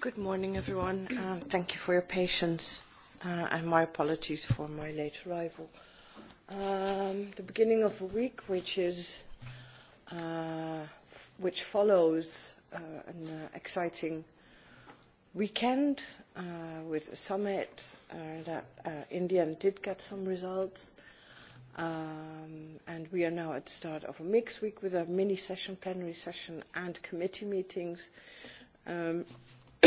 Good morning, everyone. Uh, thank you for your patience uh, and my apologies for my late arrival. Um, the beginning of a week which is uh, f- which follows uh, an uh, exciting weekend uh, with a summit uh, that uh, India did get some results. Um, and we are now at the start of a mixed week with a mini session, plenary session, and committee meetings. Um,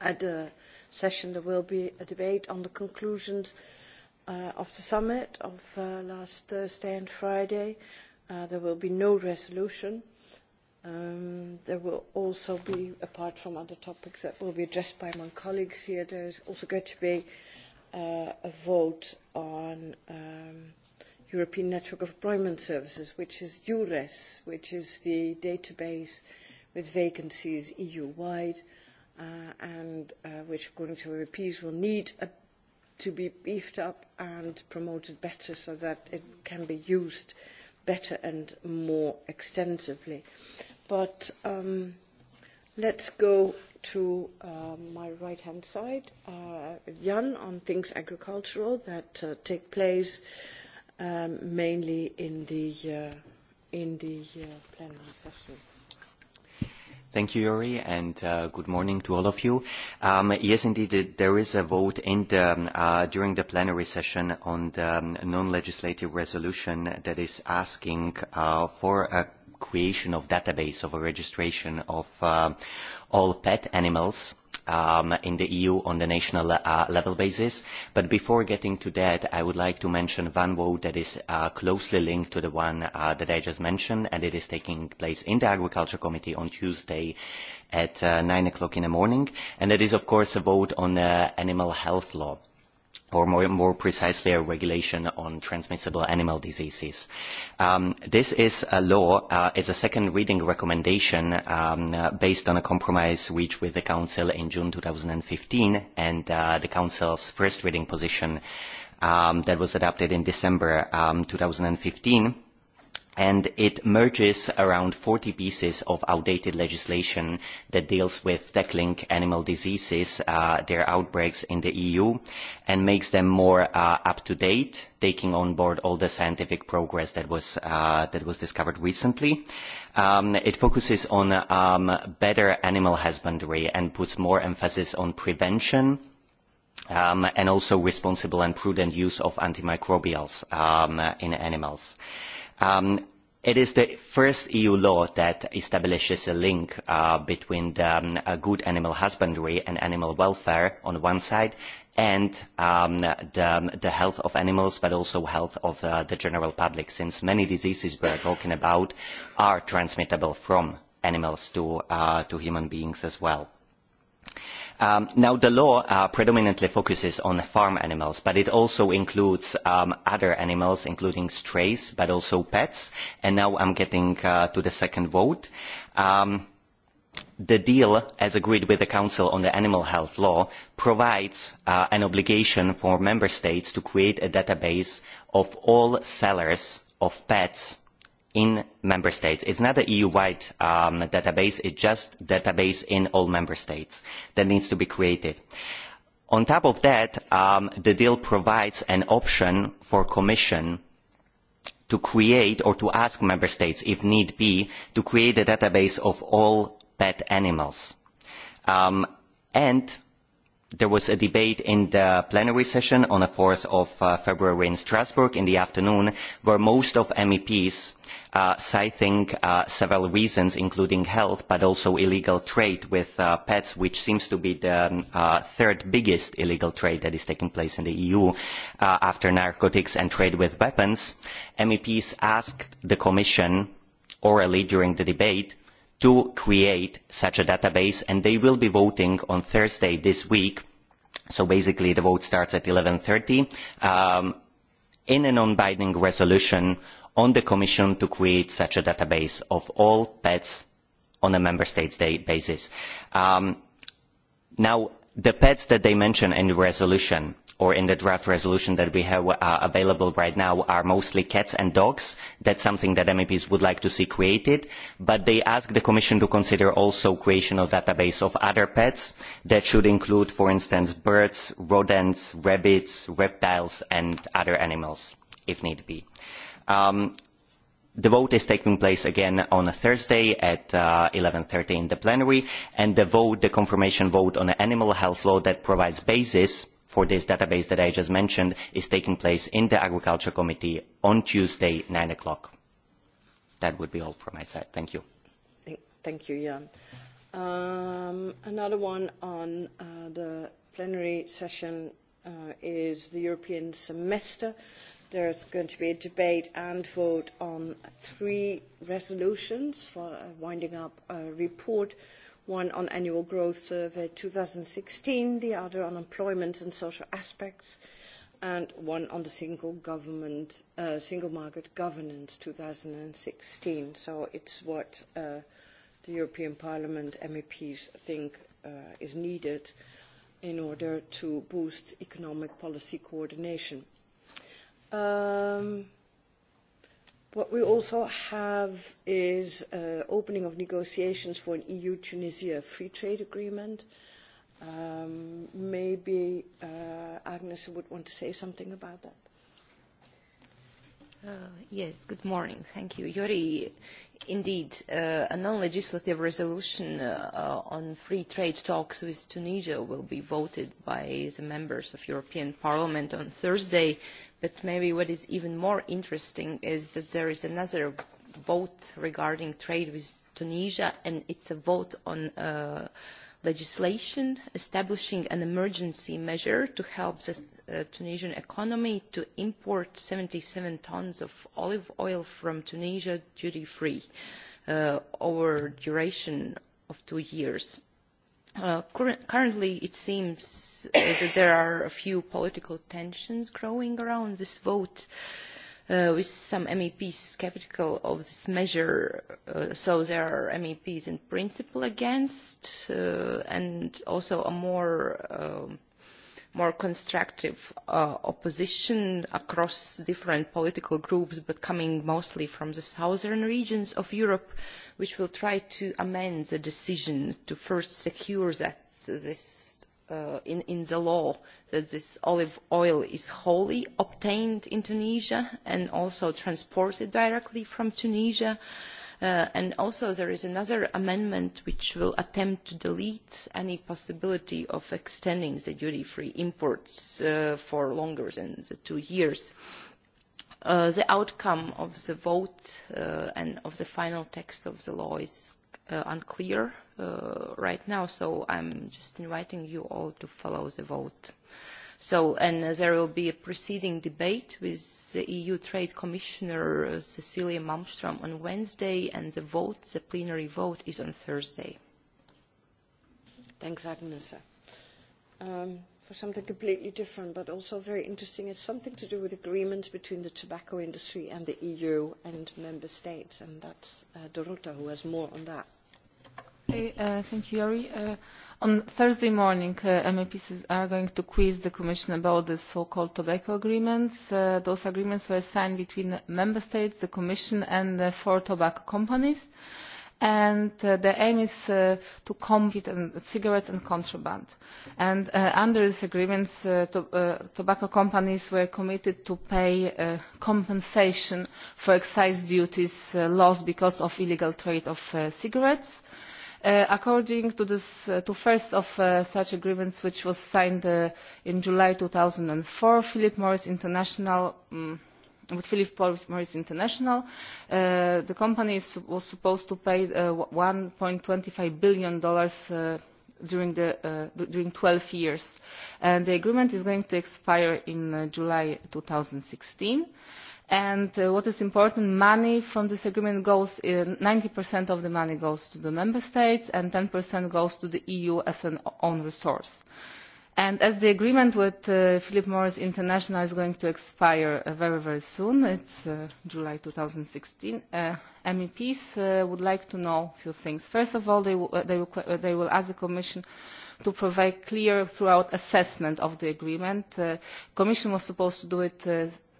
at the session there will be a debate on the conclusions uh, of the summit of uh, last thursday and friday. Uh, there will be no resolution. Um, there will also be apart from other topics that will be addressed by my colleagues here there is also going to be a vote on um, european network of employment services which is eures which is the database with vacancies EU wide, uh, and uh, which, according to MEPs, will need a, uh, to be beefed up and promoted better so that it can be used better and more extensively. But um, let's go to uh, my right hand side, uh, Jan, on things agricultural that uh, take place. Um, mainly in the uh, in the uh, plenary session. Thank you, Yuri, and uh, good morning to all of you. Um, yes, indeed, there is a vote in the, um, uh, during the plenary session on the um, non-legislative resolution that is asking uh, for a creation of database of a registration of uh, all pet animals um, in the EU on the national uh, level basis. But before getting to that, I would like to mention one vote that is uh, closely linked to the one uh, that I just mentioned, and it is taking place in the Agriculture Committee on Tuesday at uh, 9 o'clock in the morning. And that is, of course, a vote on the uh, animal health law or more, more precisely a regulation on transmissible animal diseases. Um, this is a law, uh, it's a second reading recommendation um, uh, based on a compromise reached with the Council in June 2015 and uh, the Council's first reading position um, that was adopted in December um, 2015 and it merges around 40 pieces of outdated legislation that deals with tackling animal diseases, uh, their outbreaks in the EU, and makes them more uh, up to date, taking on board all the scientific progress that was uh, that was discovered recently. Um, it focuses on um, better animal husbandry and puts more emphasis on prevention, um, and also responsible and prudent use of antimicrobials um, in animals. Um, it is the first EU law that establishes a link uh, between the, um, a good animal husbandry and animal welfare on one side and um, the, um, the health of animals, but also health of uh, the general public, since many diseases we are talking about are transmittable from animals to, uh, to human beings as well. Um, the law uh, predominantly focuses on farm animals but it also includes um, other animals including strays but also pets and now i am getting uh, to the second vote. Um, the deal as agreed with the council on the animal health law provides uh, an obligation for member states to create a database of all sellers of pets in member states. it is not an eu wide um, database it is just a database in all member states that needs to be created. on top of that um, the deal provides an option for commission to create or to ask member states if need be to create a database of all pet animals um, and uh, there was a debate in the plenary session on four uh, february in strasbourg in the afternoon where most meps uh, cited uh, several reasons including health but also illegal trade with pets which seems to be the um, third biggest illegal trade that is taking place in the eu after narcotics and trade with weapons. meps asked the commission orally during the debate to create such a database and they will be voting on thursday this week so basically the vote starts at 11.30 um, in a non-binding resolution on the commission to create such a database of all pets on a member state's day basis. Um, now, the pets that they mention in the resolution or in the draft resolution that we have uh, available right now are mostly cats and dogs. That's something that MEPs would like to see created. But they ask the Commission to consider also creation of database of other pets that should include, for instance, birds, rodents, rabbits, reptiles and other animals, if need be. Um, the vote is taking place again on a thursday at 11.30 uh, in the plenary and the vote, the confirmation vote on the animal health law that provides basis for this database that i just mentioned is taking place in the agriculture committee on tuesday 9 o'clock. that would be all from my side. thank you. thank you, jan. Um, another one on uh, the plenary session uh, is the european semester there is going to be a debate and vote on three resolutions for uh, winding up a report one on annual growth survey 2016 the other on employment and social aspects and one on the single government uh, single market governance 2016 so it's what uh, the european parliament meps think uh, is needed in order to boost economic policy coordination Um, what we also have is uh, opening of negotiations for an EU-Tunisia free trade agreement. Um, maybe uh, Agnes would want to say something about that. Uh, yes, good morning. Thank you. Yuri, indeed, uh, a non-legislative resolution uh, on free trade talks with Tunisia will be voted by the members of European Parliament on Thursday. But maybe what is even more interesting is that there is another vote regarding trade with Tunisia, and it's a vote on uh, legislation establishing an emergency measure to help the uh, tunisian economy to import seventy seven tonnes of olive oil from tunisia duty free uh, over a duration of two years. Uh, currently it seems that there are a few political tensions growing around this vote. Uh, with some meps sceptical of this measure uh, so there are meps in principle against it uh, and also a more um, more constructive uh, opposition across different political groups, but coming mostly from the southern regions of Europe, which will try to amend the decision to first secure that this Uh, in, in the law that this olive oil is wholly obtained in Tunisia and also transported directly from Tunisia. Uh, and also there is another amendment which will attempt to delete any possibility of extending the duty-free imports uh, for longer than the two years. Uh, the outcome of the vote uh, and of the final text of the law is uh, unclear uh, right now, so I'm just inviting you all to follow the vote. So, and uh, there will be a preceding debate with the EU Trade Commissioner uh, Cecilia Malmström on Wednesday, and the vote, the plenary vote, is on Thursday. Thanks, Agnes. Um, for something completely different, but also very interesting, it's something to do with agreements between the tobacco industry and the EU and member states, and that's uh, Dorota who has more on that. Uh, uh, on thursday morning uh, meps are going to quiz the commission about the so called tobacco agreements. those agreements were signed between the member states the commission and the four tobacco companies and the aim is to combat cigarettes and contraband. under these agreements tobacco companies were committed to pay compensation for excise duties lost because of illegal trade in cigarettes and Uh, according to the uh, first of uh, such agreements which was signed in july two thousand and four philip morris international mm, with philip morris international the company was supposed to pay usd one twenty five billion during twelve years and the agreement is going to expire in july two thousand and sixteen and uh, what is important money from this agreement uh, ninety of the money goes to the member states and ten goes to the eu as an own resource. as the agreement with uh, philip morris international is going to expire very very soon in july two thousand and sixteen meps would like to know a few things. first of all they will ask the commission to provide clear throughout assessment of the agreement. the commission was supposed to do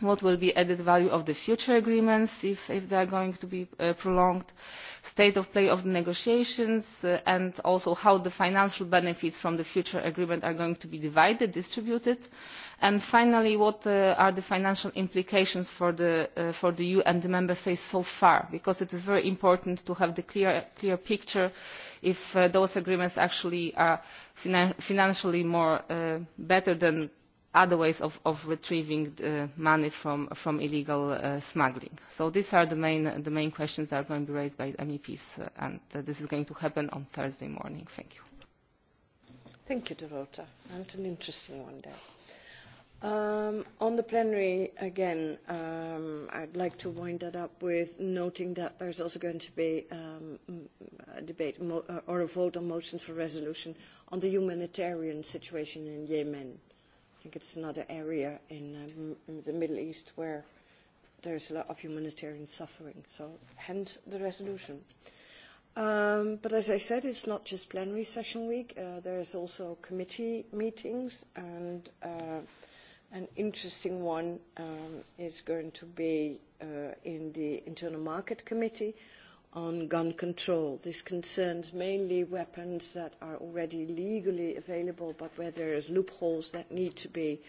what will be the added value of the future agreements if they are going to be uh, prolonged the state of play of the negotiations uh, and also how the financial benefits from the future agreement are going to be divided and distributed and finally what uh, are the financial implications for the eu and the member states so far because it is very important to have a clear picture if those agreements actually are financially better than other ways of, of retrieving the uh, money from, from illegal uh, smuggling. So these are the main, the main questions that are going to be raised by MEPs, uh, and uh, this is going to happen on Thursday morning. Thank you. Thank you, Dorota. That's an interesting one there. Um, on the plenary, again, um, I'd like to wind that up with noting that there's also going to be um, a debate mo uh, or a vote on motions for resolution on the humanitarian situation in Yemen. I think it's another area in, um, in the Middle East where there's a lot of humanitarian suffering, so hence the resolution. Um, but as I said, it's not just plenary session week. Uh, there's also committee meetings, and uh, an interesting one um, is going to be uh, in the Internal Market Committee, on gun control. This concerns mainly weapons that are already legally available, but where there are loopholes that need to be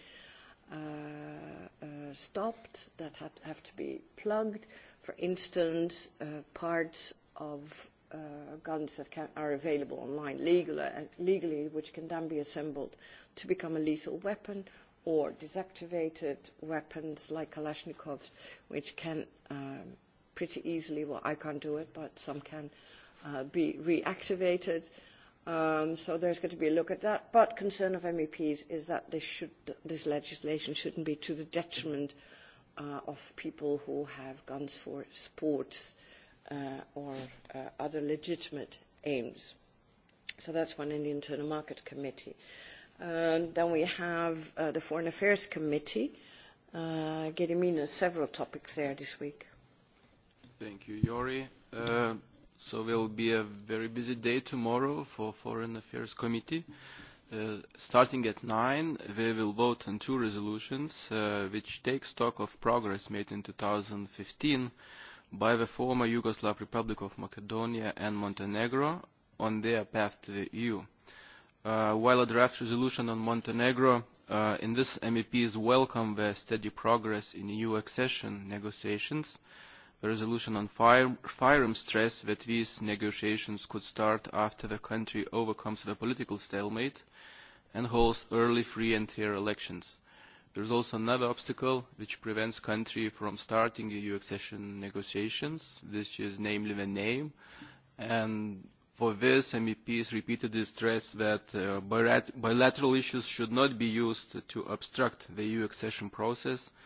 uh, uh, stopped, that have to be plugged. For instance, uh, parts of uh, guns that can, are available online legal, uh, legally, which can then be assembled to become a lethal weapon, or deactivated weapons like Kalashnikovs, which can um, pretty easily. Well, I can't do it, but some can uh, be reactivated. Um, so there's going to be a look at that. But concern of MEPs is that this, should, this legislation shouldn't be to the detriment uh, of people who have guns for sports uh, or uh, other legitimate aims. So that's one in the Internal Market Committee. Uh, then we have uh, the Foreign Affairs Committee. Uh, Gedimina, several topics there this week. Thank you, Yori. Uh, so we'll be a very busy day tomorrow for Foreign Affairs Committee. Uh, starting at 9, we will vote on two resolutions uh, which take stock of progress made in 2015 by the former Yugoslav Republic of Macedonia and Montenegro on their path to the EU. Uh, while a draft resolution on Montenegro, uh, in this MEPs welcome the steady progress in EU accession negotiations, uh, resolution on fire, firearms stress that these negotiations could start after the country overcomes the political stalemate and holds early free and fair elections. There is also another obstacle which prevents country from starting EU accession negotiations. This is namely the name. And for this, MEPs repeatedly stress that uh, bilateral issues should not be used to obstruct the EU accession process. Uh,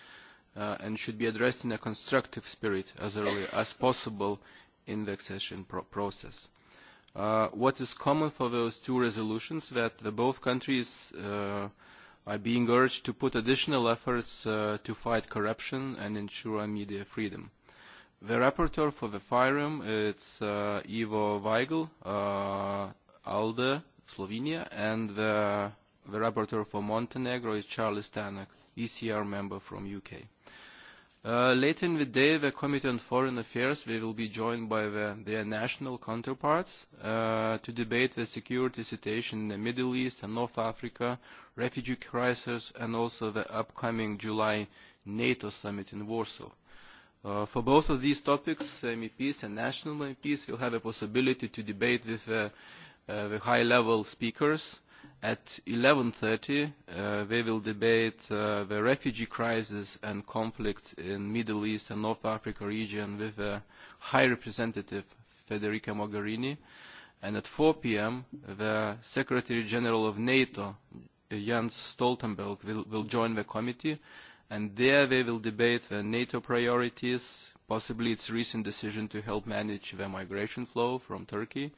uh, and should be addressed in a constructive spirit as early as possible in the accession pro process. Uh, what is common for those two resolutions that the both countries uh, are being urged to put additional efforts uh, to fight corruption and ensure media freedom. The rapporteur for the firearm is uh, Ivo Weigel, uh, ALDE, Slovenia, and the, the rapporteur for Montenegro is Charlie Stanek, ECR member from UK. Uh, Later in the day, the Committee on Foreign Affairs, we will be joined by the, their national counterparts uh, to debate the security situation in the Middle East and North Africa, refugee crisis, and also the upcoming July NATO summit in Warsaw. Uh, for both of these topics, MEPs and national MEPs will have a possibility to debate with uh, uh, the high-level speakers at 11.30 uh, we will debate uh, the refugee crisis and conflict in Middle East and North Africa region with a uh, High Representative Federica Mogherini. And at 4 p.m., the Secretary General of NATO, Jens Stoltenberg, will, will join the committee. And there they will debate the NATO priorities, possibly its recent decision to help manage the migration flow from Turkey. Uh,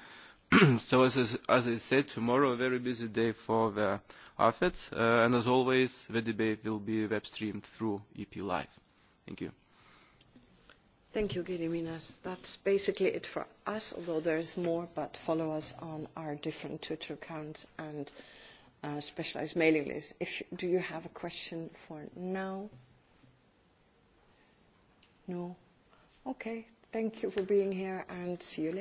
so as as I said, tomorrow a very busy day for the AFET, uh, and as always, the debate will be web streamed through EP Live. Thank you. Thank you, Gediminas. That's basically it for us, although there is more, but follow us on our different Twitter accounts and uh, specialized mailing lists. If you, do you have a question for now? No? Okay. Thank you for being here and see you later.